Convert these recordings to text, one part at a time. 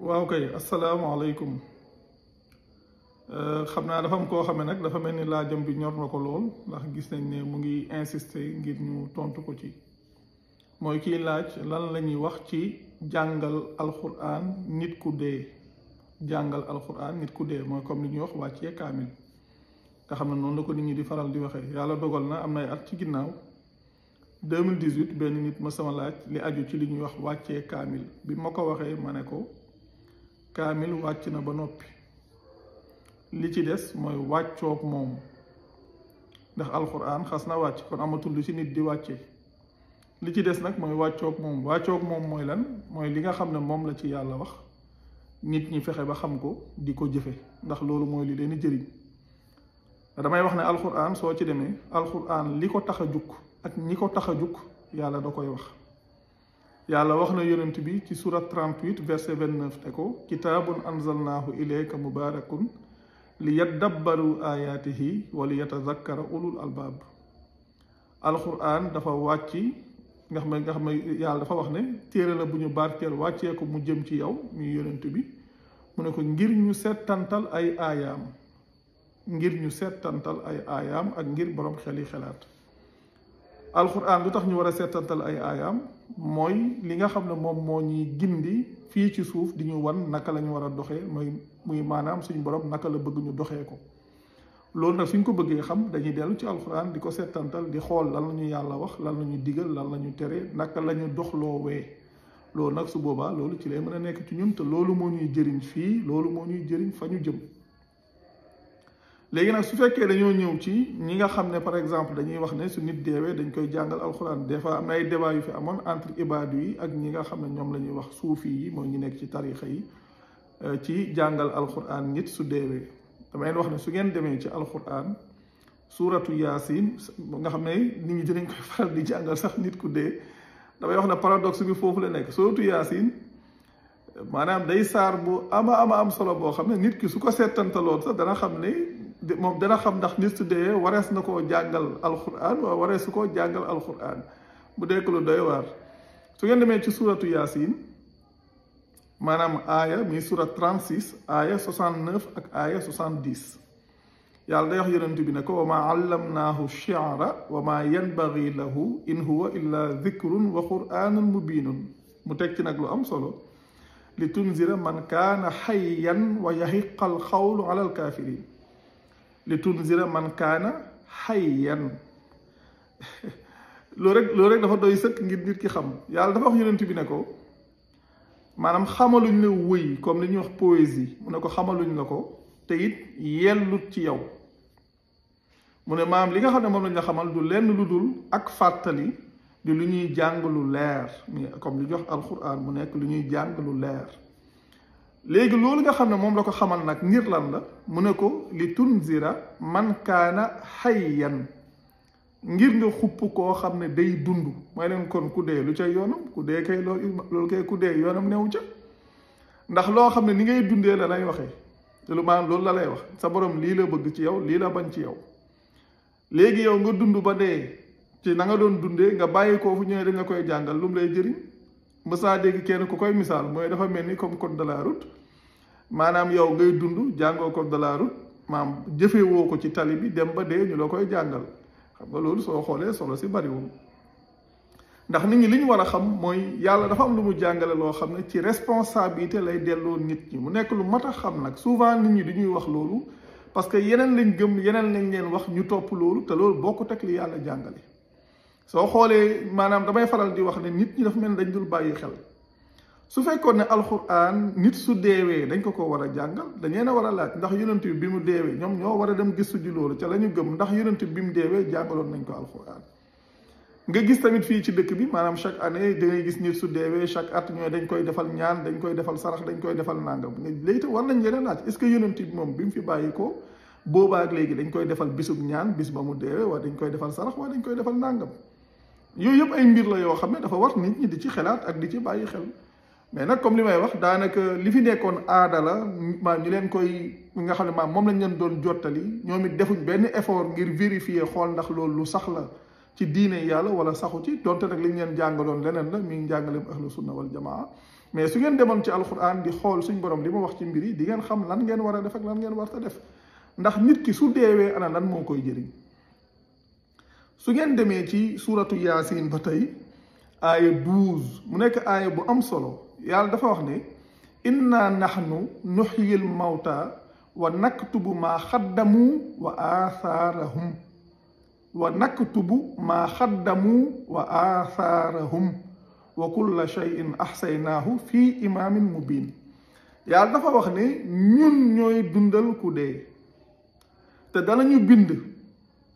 waaw kay asalaamaaleykum euh, xam naa dafa am koo xam ne nag dafa mel ni laajam bi ñor na ko lool ndax gis nañ ne mu ngi insisté ngir ñu tontu ko ci mooy kii laaj lan la ñuy wax ci jàngal alxuraan nit ku dee jàngal alxuraan nit ku dee mooy comme li ñuy wax wàccee kaamil nga xam ne noonu la ko nit ñi di faral di waxee yàlla dogal na am na at ci ginnaaw 2018 benn nit ma sama laaj li aju ci li ñuy wax wàcce kaamil bi ma ko waxee ma ne ko. kaamil wàcc na ba noppi li ci des mooy wàccook moom ndax alxuraan xas na wàcc kon amatul lu ci nit di wàcce li ci des nag mooy wàccoog moom wàccoog moom mooy lan mooy li nga xam ne moom la ci yàlla wax nit ñi fexe ba xam ko di ko jëfe ndax loolu mooy li leen jëriñ damay wax ne alxuraan soo ci demee alxuraan li ko tax a jukk ak ñi ko tax a jukk yàlla da koy wax yàlla wax na yonent bi ci surat 38 verset 29 ne ko kitaabun anzalnaahu ilayka mubaarakun li yaddabbaru ayaatihi wa li yatazakkara ulul albaab alquran dafa wàcc nga xam ne nga xam ne yàlla dafa wax ne téere la bu ñu barkeel wàccee ko mu jëm ci yow muy yonent bi mu ne ko ngir ñu settantal ay aayaam ngir ñu settantal ay aayaam ak ngir borom xel yi xelaat alquran lu tax ñu war a settantal ay aayaam mooy li nga xam ne moom moo ñuy gindi fii ci suuf di ñu wan naka lañu ñu war a doxee mooy muy maanaam suñu borom naka la bëgg ñu doxee ko loolu nag suñ ko bëggee xam dañuy dellu ci alxuraan di ko settantal di xool lan la ñu yàlla wax lan la ñu digal lan la ñu tere naka la loo doxloowee loolu nag su boobaa loolu ci lay mën a nekk ci ñun te loolu moo ñuy jëriñ fii loolu moo ñuy jëriñ fa ñu jëm léegi nag su fekkee dañoo ñëw ci ñi nga xam ne par exemple dañuy wax ne su nit deewee dañ koy jàngal alxuraan des fois am ay débat yu fi amoon entre ibaadu yi ak ñi nga xam ne ñoom la ñuy wax suufi yi mooy ñu nekk ci tarixa yi euh, ci jàngal alxuraan nit su deewee dama leen wax ne su ngeen demee ci alxuraan suuratu yaasin nga xam ne nit ñi dinañ koy faral di jàngal sax nit ku dee damay wax ne paradoxe bi foofu la nekk suuratu yaasin maanaam day saar bu ama ama am solo boo xam ne nit ki su ko seetantaloon sax dana xam ne mom dana xam ndax ni su wares nako jàngal alquran wa wares ko jàngal alquran bu dekk lu doy war su ngeen demé ci suuratu yasin manam aya mi suura 36 aya 69 ak aya 70 yàlla day wax yonent bi nako ko wa maa allamnaahu shi'ra wa ma yanbaghi lahu in huwa illa dhikrun wa qur'aanun mubiinun mu tek ci nak lu am solo لتنذر من كان حيا ويحق wa على الكافرين لتنذر من كان حيا لو رك لو رك دا خم يالا دا فا يونتبي نكو مانام خامالو ني وي كوم لي نيوخ بويزي مونكو خامالو ني لاكو تييت يلو تي ياو مون مام ليغا خا نمو لنجا خامال دو لين لودول اك فاتالي دي لي ني جانغلو لير مي كوم لي جوخ القران مو نيك لي ني جانغلو لير léegi loolu nga xam ne moom la ko xamal nag ngir lan la mu ne ko li sira man kaana yan ngir nga xupp koo xam ne day dund mooy leen kon ku dee lu ca yoonam ku dee kay loolu kay ku dee yoonam newu ca ndax loo xam ne ni ngay dundee la lay waxe te lu maanaam loolu la lay wax sa borom lii la bëgg ci yow lii la bañ ci yow léegi yow nga dund ba dee ci na nga doon dundee nga bàyyi koo fu ñëwee dañ koy jàngal lu lay jëriñ mësaa dégg kenn ku koy misaal mooy dafa mel ni comme code de la maanaam yow ngay dund jàngoo code de la maam jëfewoo ko ci tali bi dem ba dee ñu la koy jàngal xam nga loolu soo xoolee solo si bariwul ndax nit ñi li ñu war a xam mooy yàlla dafa am lu mu jàngale loo xam ne ci responsabilité lay delloo nit ñi mu nekk lu ma tax xam nag souvent nit ñi di ñuy wax loolu parce que yeneen lañ gëm yeneen lañ leen wax ñu topp loolu te loolu bokkut ak li yàlla jàngale. soo xoolee maanaam damay faral di wax ne nit ñi dafa mel ni dañ dul bàyyi xel su fekkoon ne alxuraan nit su deewee dañ ko ko war a jàngal dañ leen a war a laaj ndax yonent bi bi mu deewee ñoom ñoo war a dem gëstu ji loolu ca la ñu gëm ndax yonent bi mu deewee jàngaloon nañ ko alxuraan nga gis tamit fii ci dëkk bi maanaam chaque année da gis nit su deewee chaque at ñooy dañ koy defal ñaan dañ koy defal sarax dañ koy defal nangam léegi te war nañ leen a laaj est ce que yonent bi moom bi mu fi bàyyi ko boobaa ak léegi koy defal bisub ñaan bis ba mu deewee dañ koy defal sarax waa dañ koy defal nangam yooyu yëpp ay mbir la yoo xam ne dafa war nit ñi di ci xelaat ak di ci bàyyi xel mais nag comme li may wax daanaka li fi nekkoon aadala la maam ñu leen koy nga xam ne maam moom lañ leen doon jottali ñoom it defuñ benn effort ngir vérifier xool ndax loolu lu sax la ci diine yàlla wala saxu ci donte nag liñ leen jàngaloon leneen la mi ngi jàngaleem ahlu sunna wal jamaa mais su ngeen demoon ci alquran di xool suñ borom li ma wax ci mbir yi di ngeen xam lan ngeen wa a def ak lan ngeen war def ndax nit ki su deewee ana lan moo koy jëriñ su ngeen demee ci suuratu yaasin ba tey aaya douze mu nekk aaya bu am solo yàlla dafa wax ne inna nahnu nuhyil mawta wa naktubu maa xaddamu wa aathaarahum wa naktubu maa xaddamu wa aathaarahum wa kulla shay'in fii imaamin dafa wax ne ñun ñooy dundal ku dee te danañu bind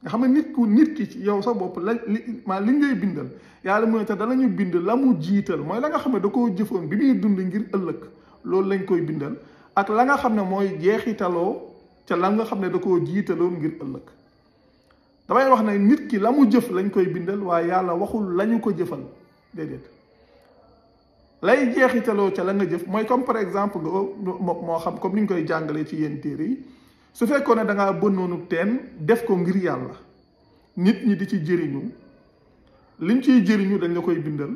nga xam ne nit ku nit ki ci yow sa bopp la li maa li ngay bindal yàlla mooy te danañu bind la mu jiital mooy la nga xam ne da koo jëfoon bi muy dund ngir ëllëg loolu lañ koy bindal ak la nga xam ne mooy jeexitaloo ca la nga xam ne da koo jiitaloon ngir ëllëg damay wax ne nit ki la mu jëf lañ koy bindal waaye yàlla waxul lañu ko jëfal déedéet lay jeexitaloo ca la nga jëf mooy comme par exemple nga moo xam comme ni ñu koy jàngalee ci yenn téere yi su fekkoon ne da ngaa bënnoonu teen def ko ngir yàlla nit ñi di ci jëriñu liñ ciy jëriñu dañ la koy bindal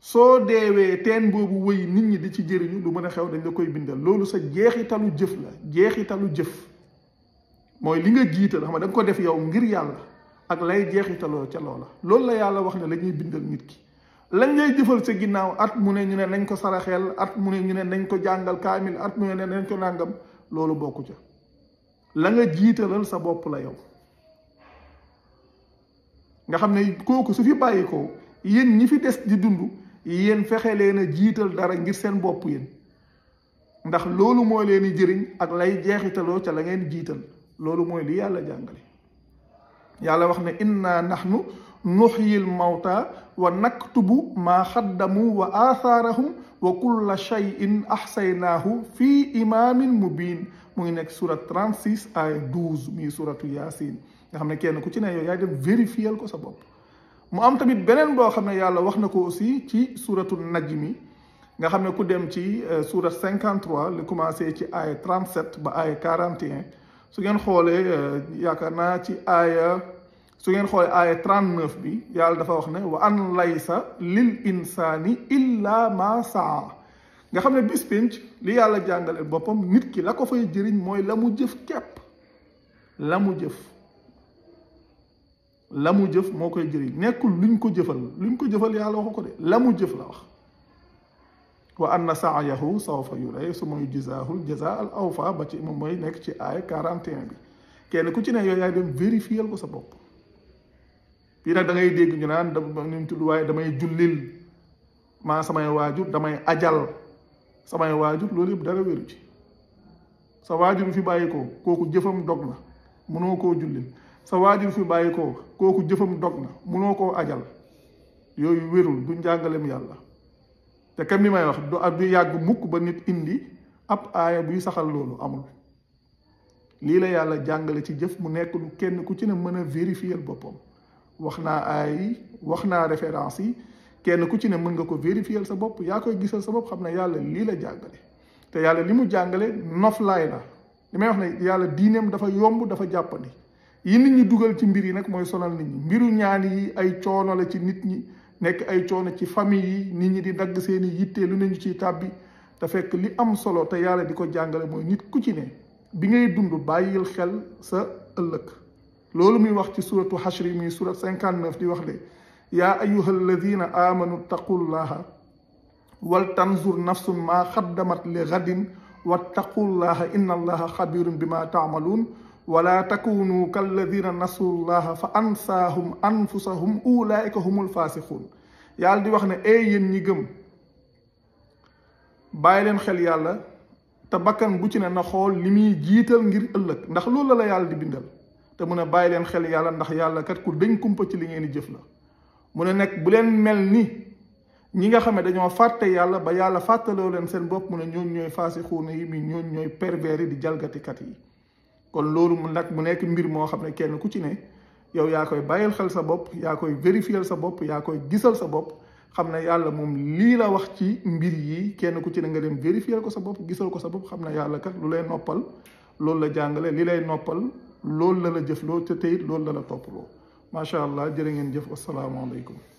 soo deewee teen boobu wëy nit ñi di ci jëriñu lu mën a xew dañ la koy bindal loolu sa jeexitalu jëf la jeexitalu jëf mooy li nga jiital xam nga da ko def yow ngir yàlla ak lay jeexitaloo ca loola loolu la yàlla wax ne lañuy ñuy bindal nit ki lañ ngay jëfal sa ginnaaw at mu ne ñu ne nañ ko saraxeel at mu ne ñu ne nañ ko jàngal kaamil at mu ne nañ ko nàngam loolu bokku ca la nga jiitalal sa bopp la yow nga xam ne kooku su fi bàyyi ko yéen ñi fi des di dund yéen fexe leen a jiital dara ngir seen bopp yéen ndax loolu mooy leen di jëriñ ak lay jeexitaloo ca la ngeen jiital loolu mooy li yàlla jàngale yàlla wax ne inna nahnu nuxyil mawta wa tubu maa xaddamu wa aathaarahum وكل شيء أحصيناه في إمام مبين من ngi 36 ay 12 muy suratu yaasin nga xam ne kenn ku ci ne yow yaay dem vérifier ko sa bopp mu am tamit beneen boo xam ne yàlla wax na ko aussi ci suratu najmi nga xam ne ku dem ci surat 53 li commencé ci ay 37 ba ay 41 su ngeen xoolee yaakaar naa ci aaya su ngeen xoolee aaya 39 bi yàlla dafa wax ne wa an laysa lil insaani illa ma saa nga xam ne bis li yàlla jàngaleel boppam nit ki la ko fay jëriñ mooy la mu jëf kepp la mu jëf la mu jëf moo koy jëriñ nekkul luñ ko jëfal luñ ko jëfal yàlla waxu ko de la mu jëf la wax wa anna sa'yahu sawfa yuraya summa yujzaahu al-jazaa al-awfaa ba ci moom mooy nekk ci aaya 41 bi kenn ku ci ne yooyu yaay dem vérifier ko sa bopp fii nag dangay dégg ñu naan ñu tudd waaye damay jullil maa samay waajur damay ajal samay waajur loolu yëpp dara wéru ci sa waajur fi bàyyikoo kooku jëfam dog na mënoo koo jullil sa waajur fi bàyyi kooku jëfam dog na koo ajal yooyu wérul du njàngalem yàlla te kam ni may wax du ab du yàgg mukk ba nit indi ab aaya buy saxal loolu amul lii la yàlla jàngale ci jëf mu nekk lu kenn ku ci ne mën a vérifier boppam wax naa ay wax naa référence yi kenn ku ci ne mën nga ko vérifier sa bopp yaa koy gisal sa bopp xam ne yàlla lii la jàngale te yàlla li mu jàngale noflaay la li may wax ne yàlla diineem dafa yomb dafa jàppandi yi nit ñi dugal ci mbir yi nag mooy sonal nit ñi mbiru ñaan yi ay coono la ci nit ñi nekk ay coono ci famille yi nit ñi di dagg seeni yitte lu ne ñu ciy tàbbi te fekk li am solo te yàlla di ko jàngale mooy nit ku ci ne bi ngay dund bàyyil xel sa ëllëg لولو مي وقت سورة حشر مي سورة سنكان نف دي وقت يا أيها الذين آمنوا تقول الله ولتنظر نفس ما قدمت لغد واتقوا الله إن الله خبير بما تعملون ولا تكونوا كالذين نسوا الله فأنساهم أنفسهم أولئك هم الفاسقون يا دي وقت أي ينجم بايلن خل يالا تبكن بوتينا نخول لمي جيتل غير ألك نخلو لا يال دي بندل te mun a bàyyi leen xel yàlla ndax yàlla kat ku dañ kumpa ci li ngeen di jëf la mu ne nekk bu leen mel ni ñi nga xam ne dañoo fàtte yàlla ba yàlla fàttaloo leen seen bopp mu ne ñooñ ñooy faasixuuna yi mi ñooñ ñooy pervers yi di jalgatikat yi kon loolu mu nag mu nekk mbir moo xam ne kenn ku ci ne yow yaa koy bàyyil xel sa bopp yaa koy vérifier sa bopp yaa koy gisal sa bopp xam na yàlla moom lii la wax ci mbir yi kenn ku ci ne nga dem vérifier ko sa bopp gisal ko sa bopp xam ne yàlla kat lu lay noppal loolu la jàngale li lay noppal لول لا جف لو تتيت لول لا توبلو ما شاء الله جيرين جف والسلام عليكم